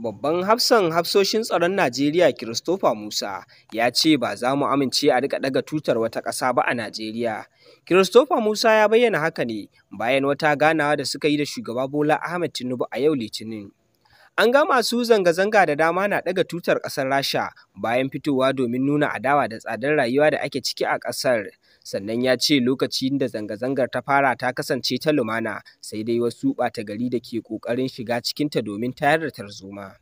Babban hafsan hafsoshin tsaron Najeriya Christopher Musa ya ce ba za mu amince a rika daga tutar wata ƙasa ba a Najeriya. Christopher Musa ya bayyana haka ne bayan wata ganawa da suka yi da shugaba Bola Ahmed Tinubu a yau Litinin. An ga masu zanga-zanga da dama na ɗaga tutar ƙasar Rasha bayan fitowa domin nuna adawa da tsadar rayuwa da ake ciki a ƙasar. Sannan ya ce lokacin da zanga-zangar ta fara ta kasance ta lumana sai dai wasu ɓata gari da ke ƙoƙarin shiga cikinta domin tayar da tarzoma.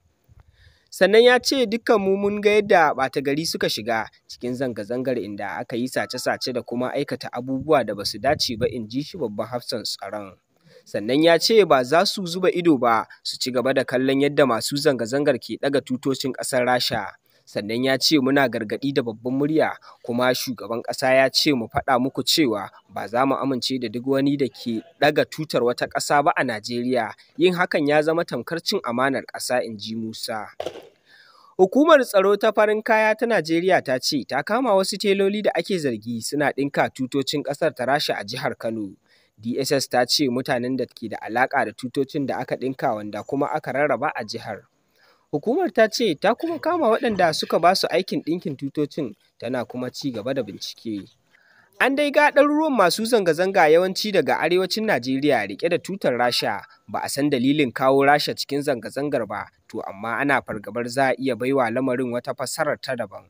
Sannan ya ce dukkan mu mun ga yadda ɓata gari suka shiga cikin zanga-zangar inda aka yi sace-sace da kuma aikata abubuwa da basu dace ba in ji shi babban hafsan tsaron. sannan ya ce ba za su zuba ido ba su ci gaba da kallon yadda masu zanga-zangar ke ɗaga tutocin ƙasar rasha sannan ya ce muna gargaɗi da babban murya kuma shugaban ƙasa ya ce mu faɗa muku cewa ba za mu amince da duk wani da ke ɗaga tutar wata ƙasa ba a najeriya yin hakan ya zama tamkar cin amanar ƙasa in ji musa Hukumar tsaro ta farin kaya ta Najeriya ta ce ta kama wasu teloli da ake zargi suna ɗinka tutocin ƙasar ta rasha a jihar Kano. DSS ta ce mutanen da ke da alaƙa da tutocin da aka ɗinka wanda kuma aka rarraba a jihar. Hukumar ta ce ta kuma kama waɗanda suka ba su aikin ɗinkin tutocin tana kuma ci gaba da bincike. An dai ga ɗaruruwan masu zanga-zanga yawanci daga arewacin Najeriya rike da tutar Rasha ba a san dalilin kawo Rasha cikin zanga-zangar ba, to amma ana fargabar za a iya baiwa lamarin wata fassarar ta daban.